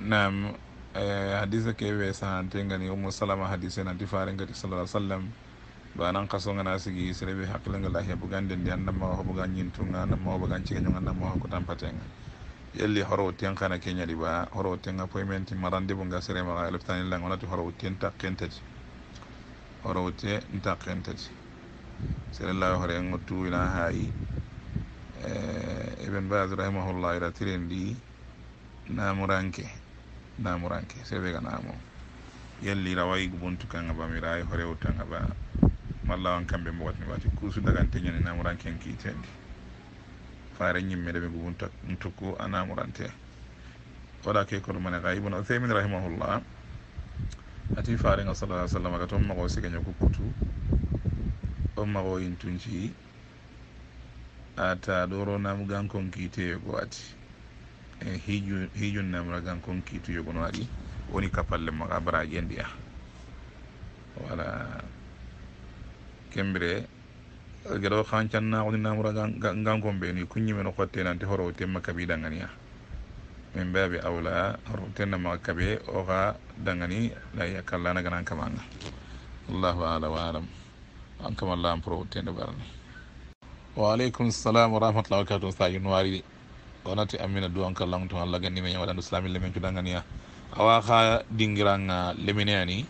nam eh, hadise keɓe sahante gani ummu salama hadise nanti farengati sallah sallam banan kaso ngana sigi serebe hakkille ngal ahiya bugande ndi annamawa hoboga ñintunga annamawa hoboga cigaño annamawa hokko tampatenga yelli horo ten kana keñaɗi ba horo tenga poymenti marande bo nga seremaxa eleftanillang onati horo ten takkentati horo te ntakkentati serelawi hore ŋottu ina haayi eh, ibn bas rahimahullah ira tiren ndi namuranke namuranke sebe ga namo yalli rawai gubuntu kanga ba mirai hore utanga ba malla wan kambe mo watni wati kusu daga tenyani namuranke en kitendi faare nyimme de gubuntu ntuku anamurante wala ke ko man ga ibn uthaymin rahimahullah ati faare nga sallallahu alaihi wasallam ga to mo mago siganyo kukutu o mago intunji ata doro namugankon kiteyo go ati hijun ragan kon kiitu yogono adi woni kapalle ma abaraji en ɗiya kon be ni kunni men ko tenan te horo te makabi dangani ya min mbaɓe awla horo tenna maxa o ga dangani la yakalla na ganan ala wa alam an kamalla an porowo tende barani wa aleykum salam wa rahmatullah wabarakatu sa yunwari wonati amina duwan ka langto allah ni men waɗandu slami lemen cuɗanganiya awa ha dingiranga ah, lemineyani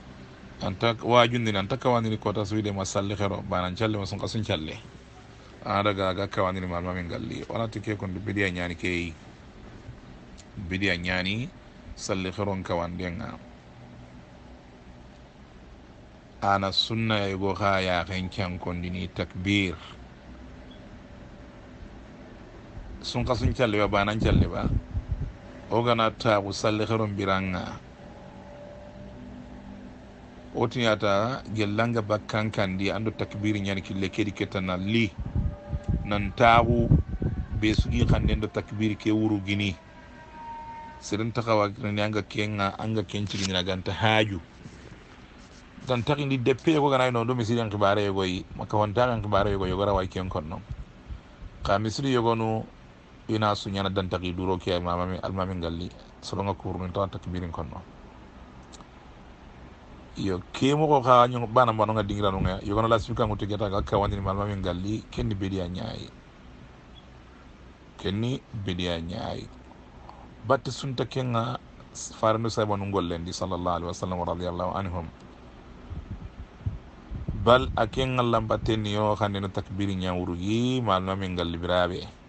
anta wajundini anta kawaniri kota suide ma salli hero banan calle ma sunka sun calle ana daga ga kawaniri min galli wonati ke kondu bidiya nyani ke bidiya nyani salli heron kawandenga ana sunna kha yego ha yahen ni takbir sunkasun kyalliba banan kyalliba o gana taku salliherun biranga o tinyata gellanga bakkan kandi ando takbiri ñani kille kedi ketana li nan taku be sugi kandi ando takbiri ke wuru gini sirin takawa ni anga kenga anga kenciginina ganta haaju tan takindi deppe ko ganayi noon ɗo mi siri an kibare yogoyi maka wontakan kibare yogo yogora way ken kon noon ka misiri yogonu ina dan tagi duro ke mamami almami ngalli soɗonga kurni tawa takbirin konno yo kemoko ha bana mbaɗonga dingiranuga ya. geta ka ka wani malmami ngalli kenni beɗiya nyaayi kenni beɗiya ñaayi batte sunta kenga farendu sabanu gollendi sallllahu sallallahu wa wasallam radiallahu anhum bal a kenga lambatenni yo hande no takbiri ñawrugi malmami ngallibiraɓe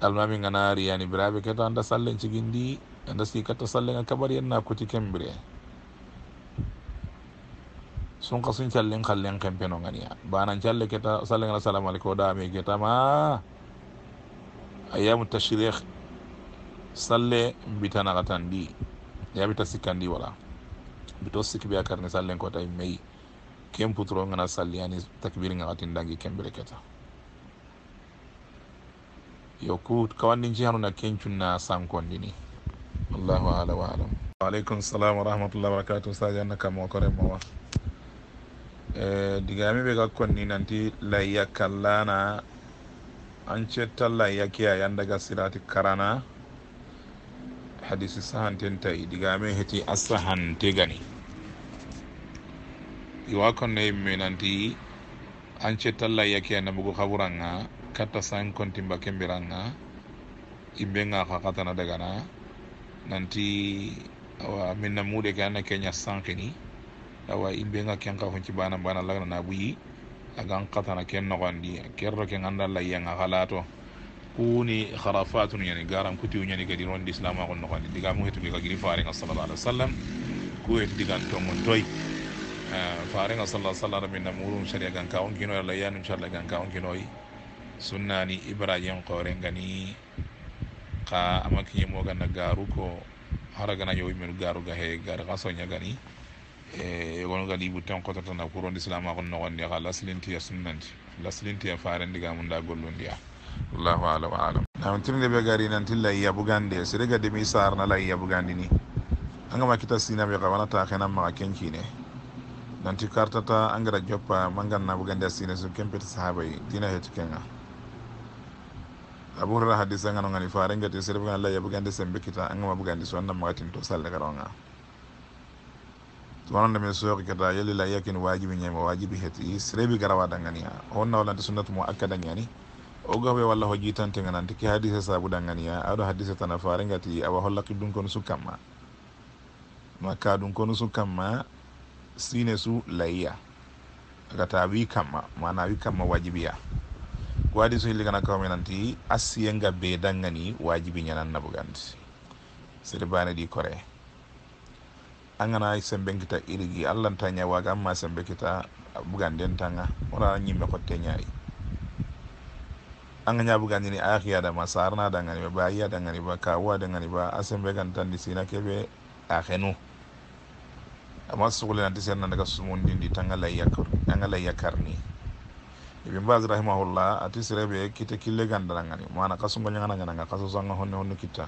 almamin ganari yani birabe keto anda sallen cigindi anda kato sallen a kabari enna kuti kembire sun kasun callen kallen kempeno ba nan calle keta sallen ala salamu da dami keta ma ayyamu tashrikh salle bitana di ya bita sikandi wala bito biya akarni sallen kota imei kemputro ngana salli ani takbir ngana tindangi kembire keta yoku kawannin jihanuna kencunna sankondini wallahu ala wa alam waaleykum salam warahmatullah wabarakatu sadio anna kam diga eh, digami be ga konni nanti layya kallana an cetta layya ke a daga sirati karana hadisi sahanten diga digame heti asahan te gani iwa konne yimme nanti an cetta layya ke na bugu haburanga katta san kontimba kembiranga imbenga na dagana nanti awa minna mude ke anna kenya sankini awa imbenga kenka honci bana bana lagana na buyi agan katana ken nogondi kerro ken anda la yenga halato kuni kharafatun yani garam kutiyu yani gadi ron islam ko nogondi diga mu hetu diga giri faare nga sallallahu alaihi wasallam ku hetu diga tongon toy eh, faare nga sallallahu alaihi wasallam minna murum sharia gan kaon kino la yan inshallah gan kaon kinoyi sunnani ibarajen koren gani ka amakinye mogana garu ko haragana yowi menu garu ga he gar ga sonya gani e gono gali butan ko tata na kuron islam ko no gonde ga laslinti ya sunnanti laslinti ya faran diga mun da gollundi ya wallahu ala alam na mutum be gari nan tilla ya bugande sire ga demi sar na la ya bugandi ni an ga makita sina be ga wana ta kana ma kenki ne nanti kartata angara joppa mangan bugande sina su kempet sahabai dina hetu kenga abu hurra hadisa ngano ngani faran gati sirf ngana laya bugandi sembe kita angama bugandi so annam sal to ronga. garonga tuwananda min soyoki kata yalli la yakin wajibi ñama wajibi heti sirebi garawada ngani ha honna walante sunnatu akada akkada Oga o gawe walla ho jitante ngananti ki hadise sabuda ngani ha aɗo hadise tana faran gati awa hollaki ɗum kono kama ma ka kama sine su kata wi kamma mana wi kamma ya ko hadis hilli nanti kawminanti asiyenga be ngani wajibi ñanan nabugandi sede bane di kore angana sembe kita irigi allan tanya waga amma sembe kita buganden tanga wona ñimme angana ñayi anga ña bugandini masarna dama sarna dangani ba bayiya dangani ba kawuwa dangani ba asembe gantan di sina keɓe ahenu amma sugulenanti serna daga ndi tanga layakar ni ibn baz rahimahullah ati sirebe kite kille gandara ngani mana ngana ngana ngana kaso zanga honne honne kita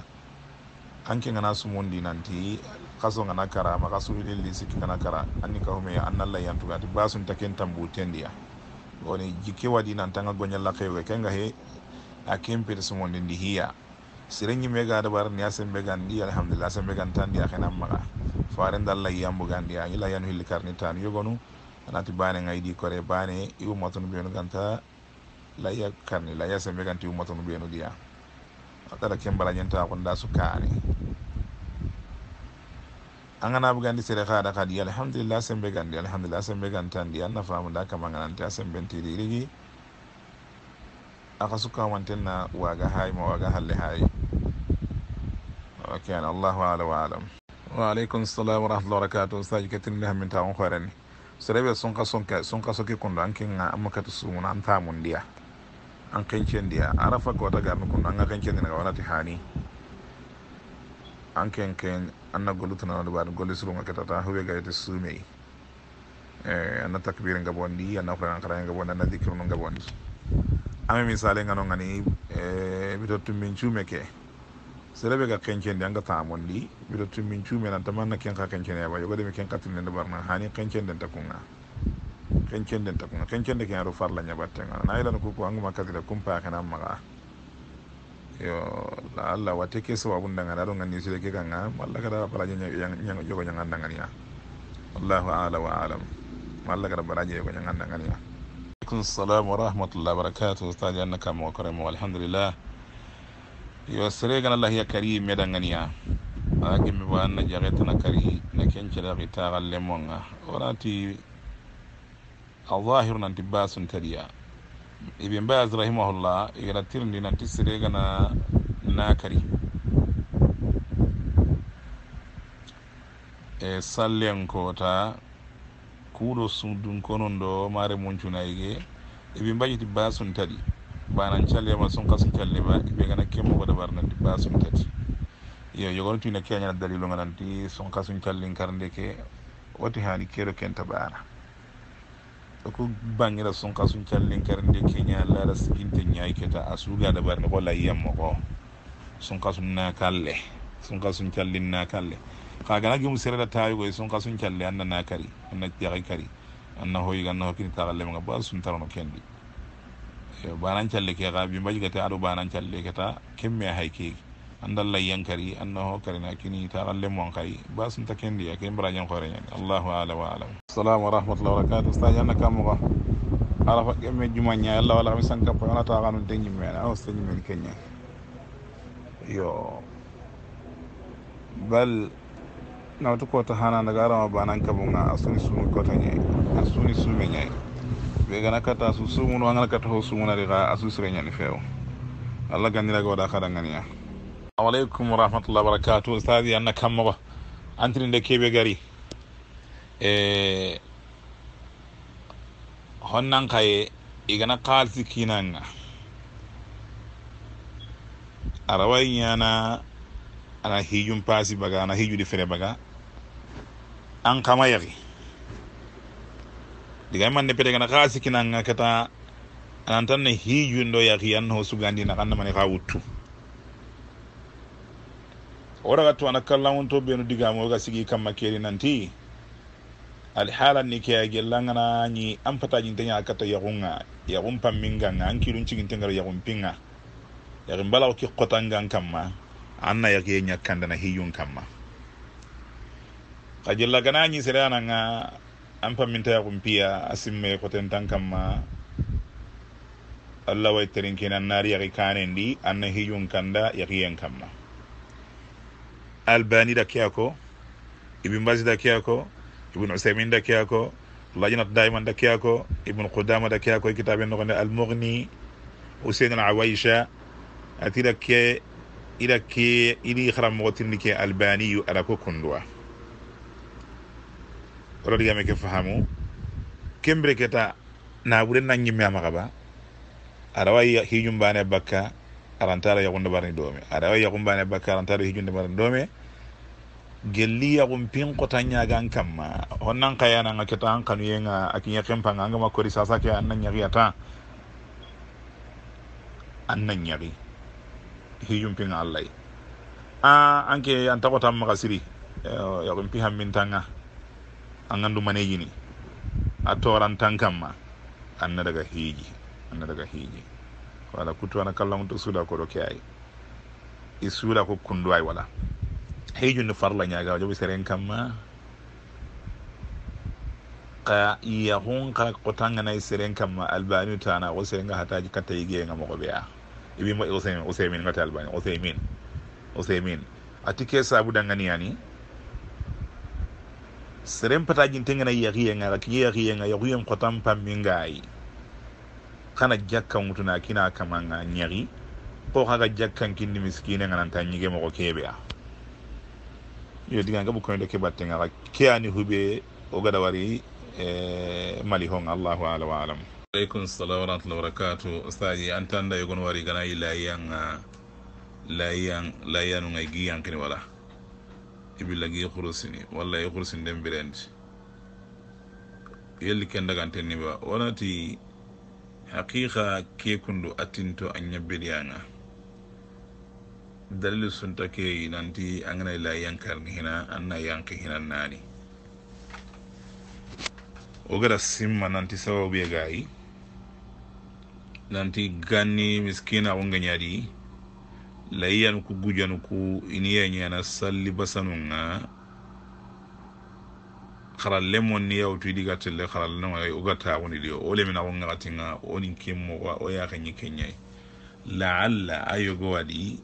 anke ngana su mundi nanti kaso ngana kara ma kaso hililli sikki ngana kara anni ka hume annalla yantu ati basun taken tambu tendiya woni jike wadi nan tanga gonyalla kaywe kenga he akim pir su mundi ndi hiya sirengi mega da bar niya sembe gandi alhamdulillah sembe gantan dia kana maga faren dalla yambu gandi ayila yanu hilkarni tan yogonu nanti bane di kore bane iwumatonu ɓeenu ganta laya karni laya sembe ganti iwumatonu ɓeenu ɗiya aɗaɗa kembala aku konda sukani angana bu bugandi sere kada kadi alhamdulillah sembe gandi alhamdulillah sembe gantandi an nafamu da kama ganante a sembentiri irigi aka sukkamantenna waga hay ma waga halle hay wakian an allahu ala wa alam wa aleykum salam warahmatullah wabarakatu ustaji serebe sun ka sun ka sun ka soke kun an kin amma ka su mun an ta mun dia an kan cin dia arafa ko ta garnu kun an kan cin daga wani hani an kan kan an na golu tunan da ba golu su ka ta hube ga ta su mai eh an takbirin ga bondi an na kuran karan ga bondi an na zikirun ga bondi amma misalin ga non ngani eh bidotun min chumeke serebe ga kencende anga tamondi mbiɗo tummin cuumenanta manna kenka kencene yaba yogo demi kenkatinende barna hani kencenden takunga kencenden takunga kencende ken aɗo farla ñabattenga na yilano kuko hanguma kadira kumpakenan maga yo la allah watte ke sababun dangani aɗo gandi sire ke kanga malla kada baraje yogo ñagandaganiya wallahu ala wa alam malla kada baraje yogo ñagandaganiya aleykum salam wa rahmatullah wabarakatuh ustaji annaka mo koremo alhamdulillah yo sere gana lahiya kari me danganiya ala gemme ba na jaretana kari na kencere ki taxal lemonga wonati alzahiru nanti basun tadiya ibn baz rahimahullah igana tirindi nanti sere gana nakari e sallen kota kuɗo sudun konon ɗo mare muncunayge ibin bajiti basun tadi banan calli ma sun kasun calli ba be gana ke mo da barna di ba sun tati yo yo gon tuna ke nyana dalilu ngana di sun kasun calli karnde ke wati hani kero kenta bana ko bangira sun kasun calli karnde ke nya la da sikinte nya keta asuga da barna ko la yammo ko sun kasun na kalle sun kasun calli na kalle ka gana gi musere da tayo go sun kasun calli anna na kari anna tiya kari anna hoyi ganna hokini tagalle mga ba sun tarano kendi banan calle ke xa bimbaj gate aɗo banan calle keta kemme hay keegi andal lay yankari annaho karina kini taxan lemon xay ba sunta kendiya ke mbarañen xooreñani allahu alam wa alam assalamu warahmatullah wabarakatu stage anna ka moxa arafa kemme jumaña yalla wala xami sankappo ona taxanu de ñimmene a osta ñimmen keña yo bal nawtu kota xana ndaga arama banan kabunga a suni sumi kota ñayi a suni sume vegana gana katta su sumuno angana katta ho sumunari xa a susire nyani feew allah gandiraga waɗa wa rahmatullahi wa barakatuh ustadi anna kammoxo de keɓe gari e honnan kaye igana gana xaalisi kinanga arawai ñana ana hijum pasi baga ana di fere baga an kama yaxi diga mande pete gana khasi kinanga kata anantan ne hiju ndo ya kiyan ho sugandi na kanna mani khawutu ora gatu ana kallawon to benu diga mo ga sigi kamma keri nanti al hala ni ke gelanga na ni am fata jin tanya kata ya gunga ya gun pamminga nga an kirun cigin tangar ya gun pinga ya gun balaw ki qotanga kamma anna ya ke nyakanda na hijun kamma kajilla gana ni sirana nga an famintayaxum piya a simme xoten tan ma allah way terinken an naari yaxi kanendi an na hijun kanda yaxiyen albani da kiyako ko ibin basi da kiyako ko ibin usaimin da kiyako ko lajinat daiman da kiyako ko ibin qudama da kitabin ko i kitabe mughni usain al-awaisha ati da ke ida ke idi xaranmoxotirni ke albani yu ko kunduwa oɗoɗo yame ke fahamu kembire keta naɓuren nan ñimme ama xaba aɗa wawi hiñumbane bakka arantara yagunde barani doome aɗa wawi bakka arantara hijunde barani doome gelli yagun pin kamma honnan kayananga keta an kanuyenga a kiña kempanga angama kori sasa ke an na ñaxi an na ñaxi hijum pinga a ah, anke an taxotan siri eh, yagun pi hammintanga angandu manejini a toran torantan kamma anna daga hiiji anna daga hiji wala kutu ana kallamuto suuda koɗo ke ay i suuda ko kundu ay wala hiji ni farla nya ga jobi seren ma ka iya yahun ka nay seren ma albani ta tana o serenga hataji biya ibi mo o a o usaymin usaymin ngate albani o o usaymin ati ke sabu dangani yani serem pata jin tengena yariye nga laki yariye nga yariye mkotam pamingai kana jakka na kina kamanga nyari po kaka jakkan kindi miskine nga nanta nyige moko kebea yo diga nga bukwende ndo ke battenga ke ani hube o gada wari eh, mali hon allahu ala wa alam alaikum salam wa rahmatullahi wa barakatuh ustaji antanda yogon wari gana ilayan layan layan ngai giyan kini wala kibillagi khurusini wallahi khurusin den birendi yelli ken dagantenni ba wonati haqiqa kekundu atinto a ñabbeliyaga dalilu sunta keyi nanti angana la ni hina anna yanki hina nani o simma nanti sababuye gayi nanti ganni miskina o layiyanu ku gujanu ku iniye ñana salli basanunga xaralle mon ni yawtu i diga telle xarallenoga oga taxuniɗi o lemina xo ngaxatinga onin ke moxa o yaxeñi keñayi laalla a yogo waɗi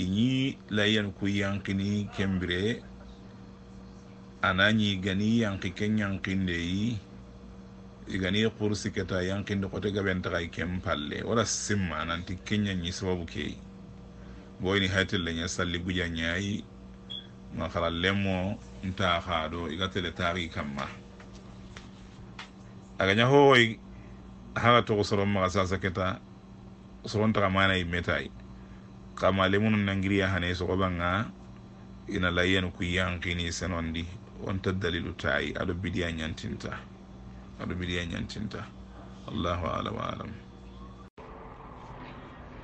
iñi layiyanu ku yanqini kembire anañi gani yanqi ke ñanqindeyi igani xursi keta yanqinde xote gaɓentaxay kem palle wala simma nanti keñañi sababu keyi boyni le nya salli buja nyaayi ma lemo nta ntaha ɗo igatele taari kamma agaña howoy hara togo soron maga sasa keta mana manayi metai kama lemunu nangiriya hane banga ina yanki ni senondi ta dalilu tayi adu bidiya nyantinta adu bidiya ñantinta allahu alam alam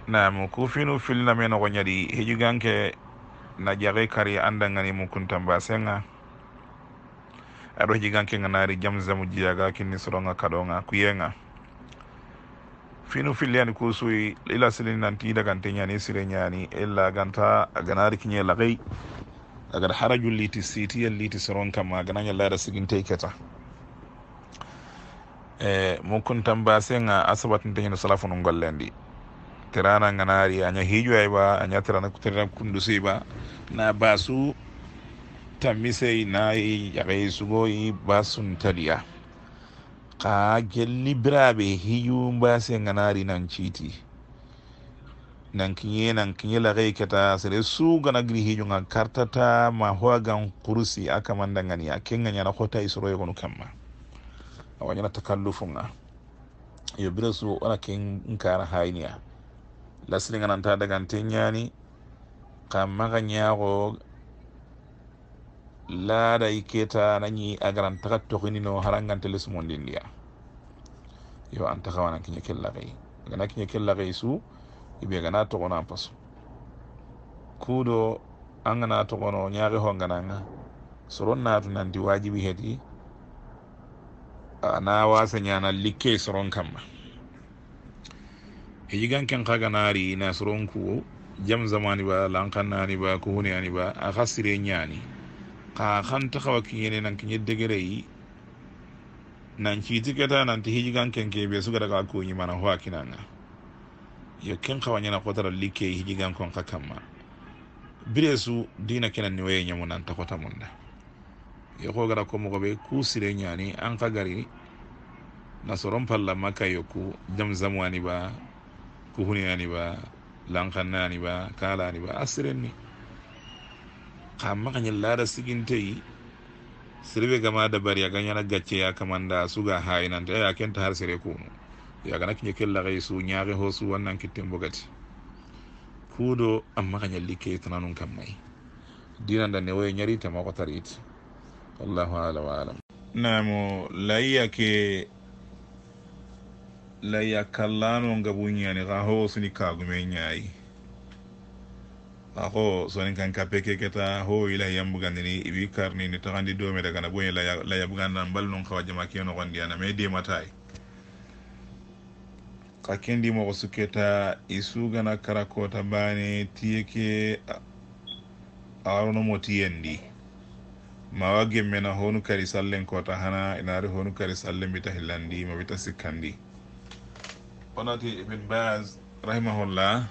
naam ku finu filna me nogo ñadi hejuganke na jaxe kari andangani mu kuntamba senga aɗo hejuganke nga naari jam zamu jiyaga kinni soronga kaɗonga kuyenga finu filliyani ku suyi ila silini nanti dagante ñani sire ñani illa ganta aganaari kiñe laxey agar haraju liti siti ya liti soron kama gana ya lara sigin taikata e eh, mukun tambase nga asabatin tahin salafun ngollendi terana nganari anya hijo ayba anya terana kuterana kundusi ba na basu tamise na yagai sugo i basun taliya ka gelli birabe hijo mbase nganari nan chiti nan kinye nan kinye la gai kata sere su gana gri hijo ngan kartata ma hoa gan kurusi aka manda ngani akenga nyana kota isoro yekonu kama awanyana takallufunga yo bira wana kin nkara hayniya lasilingananta dagante ñani xa maxa ñaxo laada i keta nañi agarantaxa toxinino harangante lesumondindiya yo anta xawana kiña ke laxey gana kiña ke su ibe gana toxonan pasu kudo an gana toxono ñaxe hongananga soron natu nanti wajibi heti ana wasa ñana likkey soron kamma hijigan ken kaga nari na soronkuwo jam zamani ba lankan nani ba ko hune ani ba a hasire nyani ka kan ta kawa kinyene nan kinye degerei nan kiti keta nan ti hijigan ken ke be suga daga ko nyi mana huwa kinanga yo ken kawa nyana kotara like hijigan kon kakamma bire su dina kenan ni waye nyamu nan ta kota munda yo ko gara ko mo be ku sire nyani an ka gari na soron palla maka yoku jam zamani ba kuhuniyaniba lankannaniba kalaniba a sirenni ka maxaña lada siginteyi sirebe gama dabari a gañana gacceya kamanda suga hayinanta aya kenta har sere kunu yagana kiñe ke laxey su ñaxe ho su wannan kitten bogati kudo a maxaña likkey tananun kam may dinanda newoye ñari tamaxotarit wallahu ala wa alam namo layiya ke la yakkallano ngabu ñani ga ho suni kagume me nyai ho sonin kan kape ke keta ho ila gandini ibi karni ni to karnini taxandi dome dagana boye la ganda mbal non xawa jama ke no noxondi ana me dematayi ka kendi moxo sukketa i sugana karakota bani tiye ke aronomo tiyendi mawa gemmena honu kari sallen kota hana inari honu kari sallen bita hillandi ma bita sikkandi onati ibn baz rahimahullah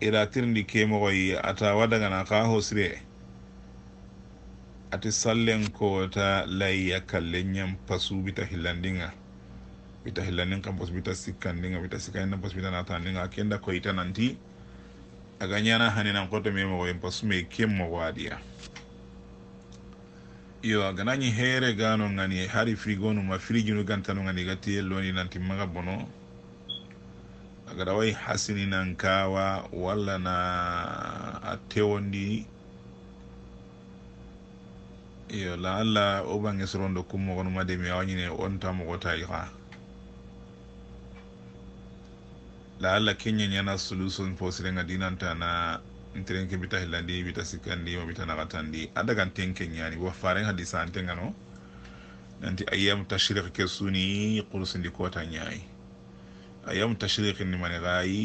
ke tirndi yi ata wadagana xa hosire ati sallen ta layya kalle ñam pasu bita hillandinga bita hillandin kam pos bita sikkandinga bita sikkaninna pos bita natandinga kenda koyita nanti aga ñana haninan xoto memoxoyen pasume kem moxo adiya iyo ni here gano ngani hari no ma ganta no ngani gati ni nanti maga bono agada wai hasini nan kawa walla na atewondi iyo la la o sorondo kum mogon demi mi awanyine on tamogo tayi ha la la kenya nyana solution sirenga dinanta na nterenke bita hillandi bita sikandi ma bita nagatandi adagan tenken yani wa faren hadisa antengano nanti ayyam tashriq ke suni qurusindi kota nyaayi ayyam tashriq ni mani gayi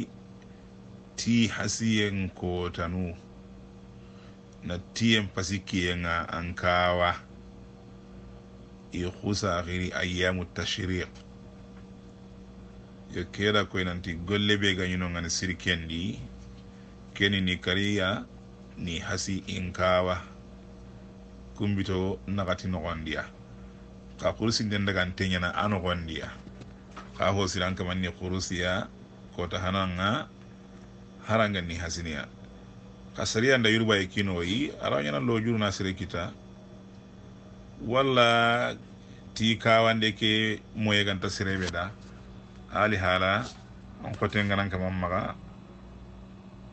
ti hasiyen kotanu na tiyen pasikiyenga ankawa ikusa giri ayyamu tashriq yo kera koy nanti golle be gañuno ngani sirkendi keni ni kariya ni hasi inkawa kumbito nakati nogondiya ka kurusinden dagan teñana a nogondiya ka ho siran kamanni kurusiya kota hananga haranga ni hasiniya ka sariya nda yuruba e kinoyi arañana na sere kita walla ti kawande ke moyeganta serebe da ali hala an koten ganan kaman maga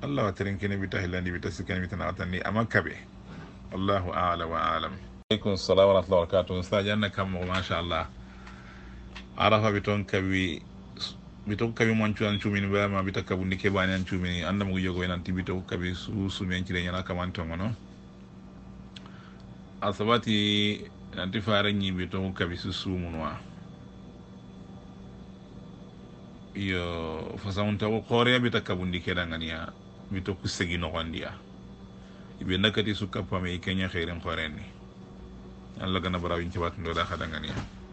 allah waterenkene wita hillandi wita sikkani wita naratandi ama kabe wallahu ala wa alam aleykum salam warahmatullah wabarakatuh saji anna kammogo machallah arafa ɓe toon kawi ɓe toon kawi mon cuwan cumini ɓama bita kabundi keɓani an cumini andamogo yogoy nanti bito kawi susumi en cire ñana kaman tongono a sabati nanti fare ñimɓe toon kawi susumunoa iyo fasamuntawo kooreya bita kabundi keɗanganiya mito ku segi noxondiya ibe nakati su kappame i keña xeerin xorenni allah gana barawin caɓatundo da xadanganiya